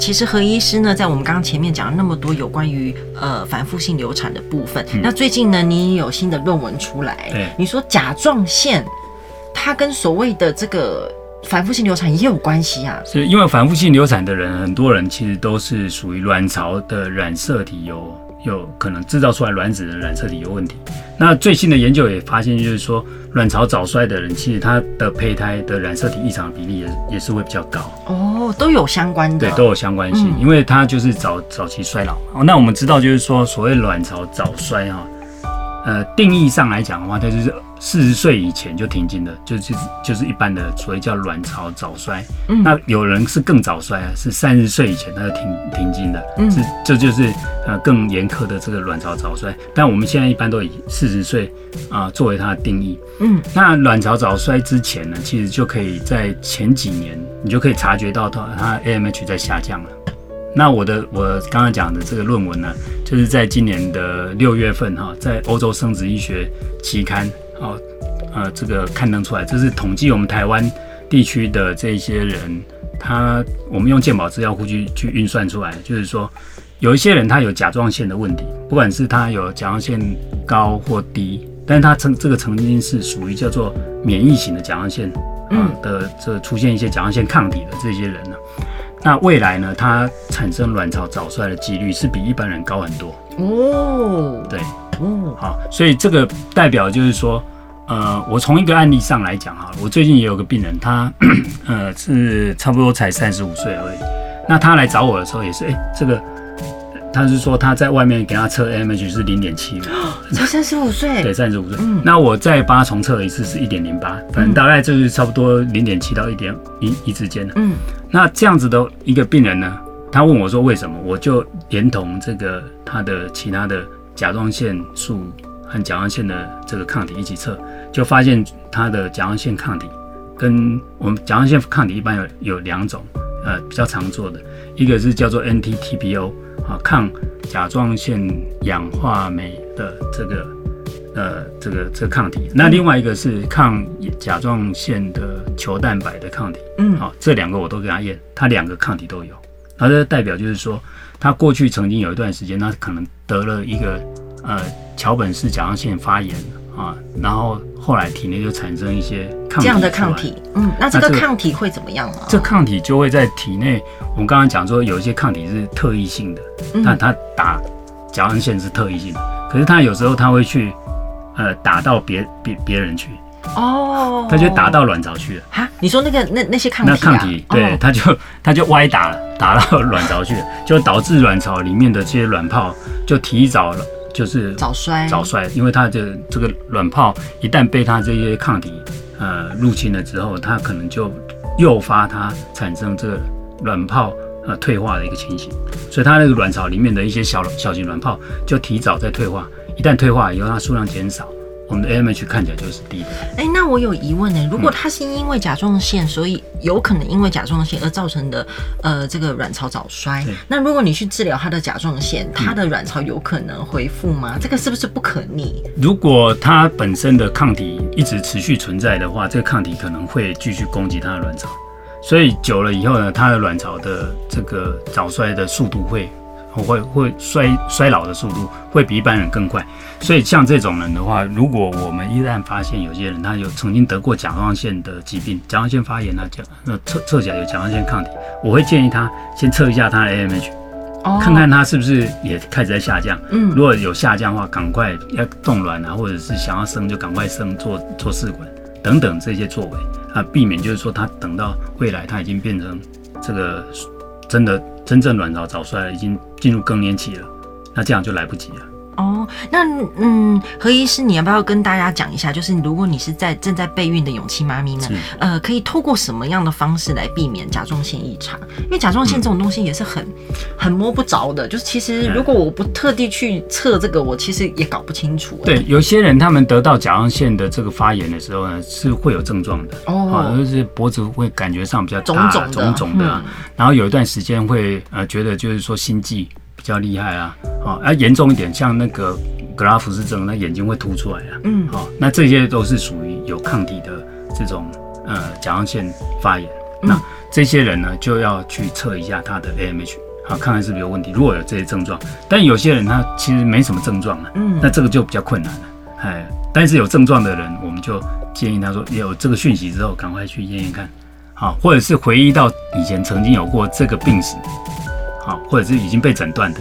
其實何醫師呢，在我們剛剛前面講了那麼多有關於呃反覆性流產的部分，嗯、那最近呢，你也有新的論文出來，對 你說甲狀腺它跟所謂的這個反覆性流產也有關係啊，是？是因為反覆性流產的人，很多人其實都是屬於卵巢的染色體有、哦。有可能製造出來卵子的染色體有問題。那最新的研究也發現，就是說卵巢早衰的人，其實他的胚胎的染色體異常比例也也是會比較高。哦，都有相關的，對，都有相關性，嗯，因為他就是早早期衰老。那我們知道，就是說所謂卵巢早衰啊，呃，定義上來講的話，它就是。四十歲以前就停經的，就是就是一般的所謂叫卵巢早衰。嗯，那有人是更早衰啊，是三十歲以前他就停停經的。這這、嗯、就，就是呃更嚴苛的這個卵巢早衰。但我們現在一般都以四十歲啊作為它的定義。嗯，那卵巢早衰之前呢，其實就可以在前幾年你就可以察覺到它它 AMH 在下降了。那我的我剛剛講的這個論文呢，就是在今年的六月份哈，在歐洲生殖醫學期刊。哦，呃，這個刊登出來，這是統計我們台灣地區的這些人，他我們用健保資料庫去去運算出來，就是說有一些人他有甲狀腺的問題，不管是他有甲狀腺高或低，但他曾這個曾經是屬於叫做免疫型的甲狀腺，啊、呃，的這出現一些甲狀腺抗體的這些人呢，嗯、那未來呢，他產生卵巢早衰的幾率是比一般人高很多哦，對，哦、嗯，好，所以這個代表就是說。呃，我從一個案例上來講哈，我最近也有個病人，他呃是差不多才三十五歲而已。那他來找我的時候也是，哎、欸，這個他是說他在外面給他測 AMH 是零點七，才三十五歲，對，三十五歲。嗯、那我再幫他重測一次，是一點零八，反正大概就是差不多零點七到一點一之間，嗯，那這樣子的一個病人呢，他問我說為什麼，我就連同這個他的其他的甲狀腺素。和甲狀腺的這個抗體一起測，就發現他的甲狀腺抗體跟我們甲狀腺抗體一般有有兩種，呃，比較常做的一個是叫做 NTTPO 啊，抗甲狀腺氧，氧化酶的這個呃這個這個抗體，那另外一個是抗甲狀腺的球蛋白的抗體，嗯，好，這兩個我都給他驗，他兩個抗體都有，那這代表就是說他過去曾經有一段時間，他可能得了一個。呃，橋本氏甲狀腺發炎啊，然後後來體內就產生一些抗體這樣的抗體，嗯，那這個抗體會怎麼樣呢？這個這個、抗體就會在體內，我們剛剛講說有一些抗體是特異性的，他、嗯、它，它打甲狀腺是特異性的，可是它有時候它會去呃打到別別別人去，哦，它就打到卵巢去了啊？你說那個那那些抗體、啊？那抗體對它就它就歪打了，打到卵巢去了，就導致卵巢裡面的這些卵泡就提早了。就是早衰、早衰，因為它的這個卵泡一旦被它這些抗體，呃，入侵了之後，它可能就誘發它產生這個卵泡呃退化的一個情形，所以它那個卵巢裡面的一些小小型卵泡就提早在退化，一旦退化以後，它數量減少。我們的 AMH 看起來就是低的。哎、欸，那我有疑問呢、欸。如果它是因為甲狀腺，嗯、所以有可能因為甲狀腺而造成的，呃，這個卵巢早衰。嗯、那如果你去治療它的甲狀腺，它的卵巢有可能恢復嗎？嗯、這個是不是不可逆？如果它本身的抗體一直持續存在的話，這個抗體可能會繼續攻擊它的卵巢，所以久了以後呢，它的卵巢的這個早衰的速度會。會會衰衰老的速度會比一般人更快，所以像這種人的話，如果我們一旦發現有些人他有曾經得過甲狀腺的疾病，甲狀腺發炎他就，那測測起來有甲狀腺抗體，我會建議他先測一下他的 AMH，看看他是不是也開始在下降。嗯，如果有下降的話，趕快要凍卵啊，或者是想要生就趕快生做做試管等等這些作為啊，避免就是說他等到未來他已經變成這個真的。真正卵巢早衰已經進入更年期了，那這樣就來不及了。哦，那嗯，何醫師，你要不要跟大家講一下？就是如果你是在正在備孕的勇氣媽咪們，是呃，可以透過什麼樣的方式來避免甲狀腺異常？因為甲狀腺這種東西也是很、嗯、很摸不着的。就是其實如果我不特地去測這個，嗯、我其實也搞不清楚。對，有些人他們得到甲狀腺的這個發炎的時候呢，是會有症狀的哦，哦，就是脖子會感覺上比較腫腫腫的，然後有一段時間會呃覺得就是說心悸。比較厲害啊，好啊，嚴重一點，像那個格拉夫斯症，那眼睛會凸出來啊。嗯，好、哦，那這些都是屬於有抗體的這種呃甲狀腺發炎。嗯、那這些人呢，就要去測一下他的 AMH，、啊、看看是不是有問題。如果有這些症狀，但有些人他其實沒什麼症狀、啊、嗯，那這個就比較困難了。哎，但是有症狀的人，我們就建議他說，有這個訊息之後，趕快去驗驗看，好、啊，或者是回憶到以前曾經有過這個病史。或者是已經被診斷的，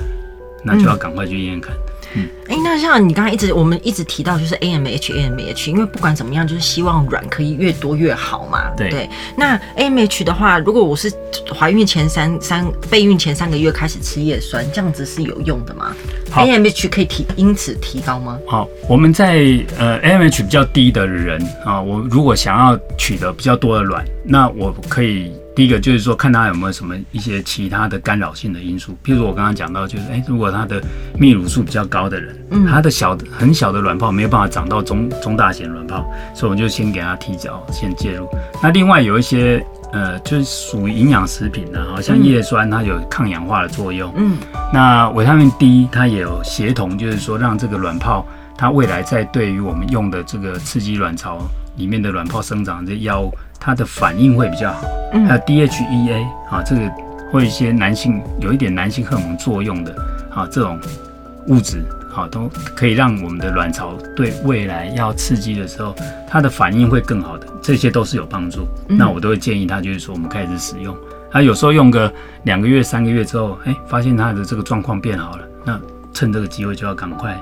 那就要趕快去驗驗看。嗯，哎、嗯欸，那像你剛才一直我們一直提到就是 AMH，AMH，因為不管怎麼樣，就是希望卵可以越多越好嘛。對,對。那 AMH 的話，如果我是懷孕前三三備孕前三個月開始吃葉酸，這樣子是有用的嗎？好？AMH 可以提因此提高嗎？好，我們在呃 AMH 比較低的人啊、呃，我如果想要取得比較多的卵，那我可以。第一個就是說，看他有沒有什麼一些其他的干擾性的因素，譬如我剛剛講到，就是哎、欸，如果他的泌乳素比較高的人，嗯、他的小的很小的卵泡沒有辦法長到中中大型卵泡，所以我們就先給他提早，先介入。那另外有一些呃，就是屬於營養食品好、啊、像葉酸它有抗氧化的作用，嗯，那維他命 D 它也有協同，就是說讓這個卵泡它未來在對於我們用的這個刺激卵巢裡面的卵泡生長的藥物。它的反應會比較好，還有 DHEA 啊，這個會一些男性有一點男性荷爾蒙作用的，啊，這種物質好、啊，都可以讓我們的卵巢對未來要刺激的時候，它的反應會更好的，這些都是有幫助。嗯、那我都會建議他，就是說我們開始使用，他、啊、有時候用個兩個月、三個月之後，哎、欸，發現他的這個狀況變好了，那趁這個機會就要趕快。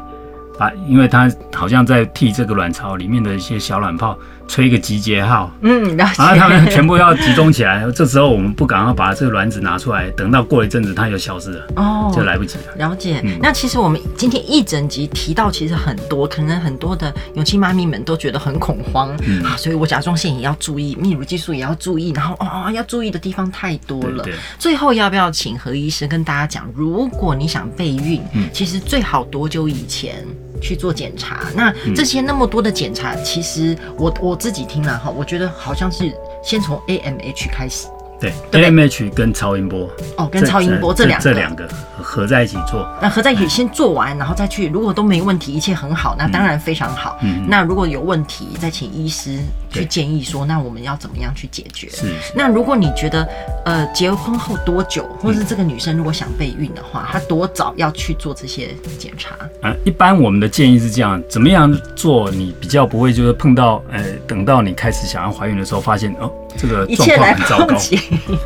啊，因為它好像在替這個卵巢裡面的一些小卵泡吹個集結號。嗯，然後他們全部要集中起來。這時候我們不趕快把這個卵子拿出來，等到過一陣子它就消失了，哦，就來不及了。了解。嗯、那其實我們今天一整集提到其實很多，可能很多的勇氣媽咪們都覺得很恐慌、嗯、啊，所以我甲狀腺也要注意，泌乳激素也要注意，然後哦，哦，要注意的地方太多了。對對對。最後要不要請何醫師跟大家講，如果你想備孕，嗯，其實最好多久以前？去做檢查，那這些那麼多的檢查，嗯、其實我我自己聽了哈，我覺得好像是先從 AMH 開始，對，對吧？AMH 跟超音波，哦，跟超音波這兩這兩個合在一起做，那合在一起先做完，嗯、然後再去，如果都沒問題，一切很好，那當然非常好。嗯，那如果有問題，再請醫師。去建議說，那我們要怎麼樣去解決？是，是。那如果你覺得，呃，結婚後多久，或是這個女生如果想備孕的話，好她多早要去做這些檢查？呃，一般我們的建議是這樣，怎麼樣做你比較不會就是碰到，呃，等到你開始想要懷孕的時候發現哦，呃，這個狀況很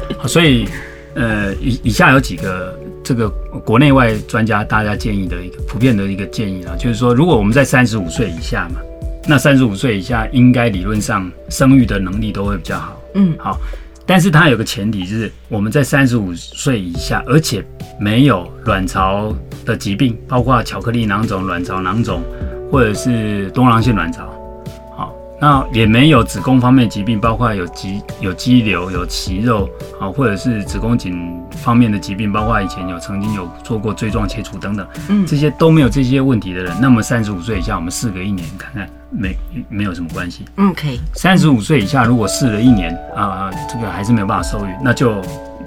糟糕。所以，呃，以以下有幾個這個國內外專家大家建議的一個普遍的一個建議啦，就是說，如果我們在三十五歲以下嘛。那三十五歲以下應該理論上生育的能力都會比較好，嗯，好，但是它有個前提，就是我們在三十五歲以下，而且沒有卵巢的疾病，包括巧克力囊腫、卵巢囊腫或者是多囊性卵巢。那也沒有子宮方面的疾病，包括有肌有肌瘤、有息肉啊，或者是子宮頸方面的疾病，包括以前有曾經有做過錐狀切除等等，嗯，這些都沒有這些問題的人，那麼三十五歲以下，我們試個一年看看，沒沒有什麼關係。嗯，可以。三十五歲以下如果試了一年啊，這個還是沒有辦法受孕，那就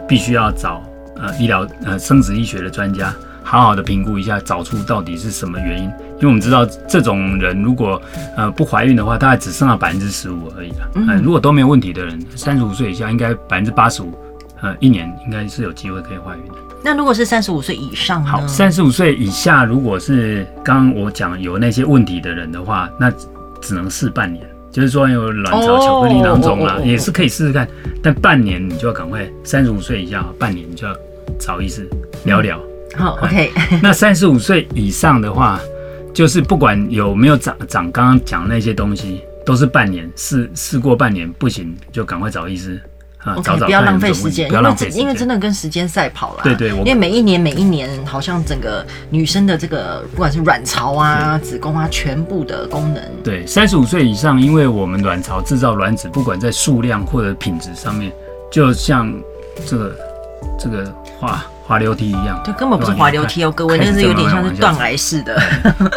必須要找呃醫療呃生殖醫學的專家。好好的評估一下，找出到底是什麼原因。因為我們知道，這種人如果呃不懷孕的話，大概只剩下百分之十五而已了。嗯、呃，如果都沒有問題的人，三十五歲以下應該百分之八十五，呃，一年應該是有機會可以懷孕的。那如果是三十五歲以上？好，三十五歲以下，如果是剛剛我講有那些問題的人的話，那只能試半年。就是說有卵巢巧克力囊腫了，也是可以試試看。但半年你就要趕快，三十五歲以下，半年你就要找醫師聊聊。嗯好、oh,，OK。 那三十五歲以上的話，就是不管有沒有長長，剛剛講那些東西，都是半年試試過半年，不行就趕快找醫師。啊，Okay, 找找。不要浪費時間，時因為真因為真的跟時間賽跑啦。對對，對，因為每一年每一年，好像整個女生的這個不管是卵巢啊、是子宮啊，全部的功能。對，三十五歲以上，因為我們卵巢制造卵子，不管在數量或者品質上面，就像這個這個話。滑溜梯一樣，它根本不是滑溜梯哦，各位哥，那是有點像是斷崖式的。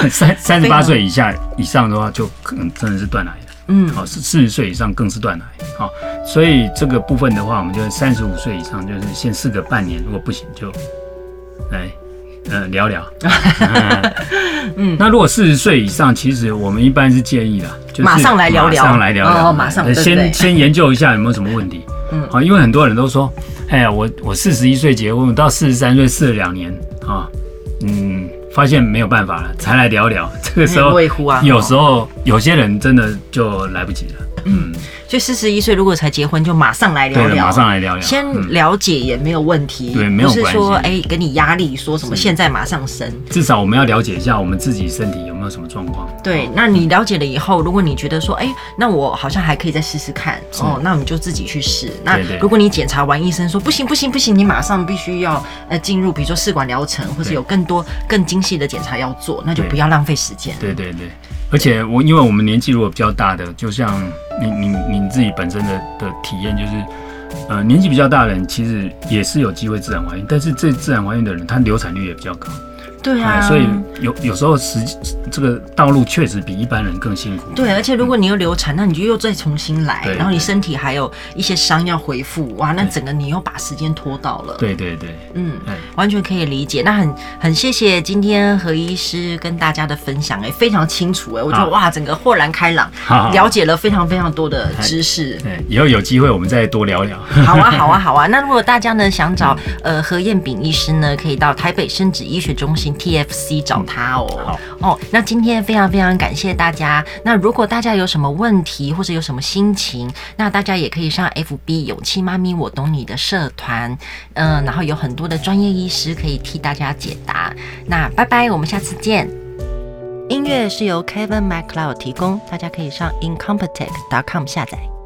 三三十八歲以下以上的話，就可能真的是斷崖。了。嗯，好，四十歲以上更是斷崖。好，所以這個部分的話，我們就三十五歲以上，就是先試個半年，如果不行就來呃聊聊。 嗯，那如果四十歲以上，其實我們一般是建議啦，就是馬上來聊聊，哦、馬上來聊聊，上先對對先研究一下有沒有什麼問題。好，因為很多人都說，哎呀，我我四十一歲結婚，到四十三歲試了兩年啊，嗯，發現沒有辦法了，才來聊聊。這個時候，啊，有時候，哦，有些人真的就來不及了，嗯。嗯就四十一歲，如果才結婚，就馬上來聊聊，馬上來聊聊，先了解也沒有問題，就、嗯、沒有關係，不是說哎，給你壓力，說什麼現在馬上生。至少我們要了解一下我們自己身體有沒有什麼狀況。對，那你了解了以後，如果你覺得說哎、欸，那我好像還可以再試試看，嗯、哦，那我們就自己去試。對對對，那如果你檢查完醫生說不行不行不行，你馬上必須要呃進入，比如說試管療程或者有更多更精細的檢查要做，對對對對，那就不要浪費時間。對對對，對。而且我因為我們年紀如果比較大的，就像你你你自己本身的的體驗，就是，呃，年紀比較大的人其實也是有機會自然懷孕，但是這自然懷孕的人，他流產率也比較高。對啊，所以有有時候時，這個道路確實比一般人更辛苦。對，而且如果你又流產，那你就又再重新來，然後你身體還有一些傷要恢復，哇，那整個你又把時間拖到了。對對對，嗯，完全可以理解。那很很謝謝今天何醫師跟大家的分享，哎，非常清楚，哎，我覺得哇，整個豁然開朗，了解了非常非常多的知識。對，以後有機會我們再多聊聊。好啊，好啊，好啊。那如果大家呢想找呃何彥秉醫師呢，可以到台北生殖醫學中心。TFC 找他哦。好哦，那今天非常非常感謝大家。那如果大家有什麼問題或者有什麼心情，那大家也可以上 FB 勇氣媽咪我懂你的社團，嗯、呃，然後有很多的專業醫師可以替大家解答。那拜拜，我們下次見。音樂是由 Kevin MacLeod 提供，大家可以上 Incompetech.com 下載。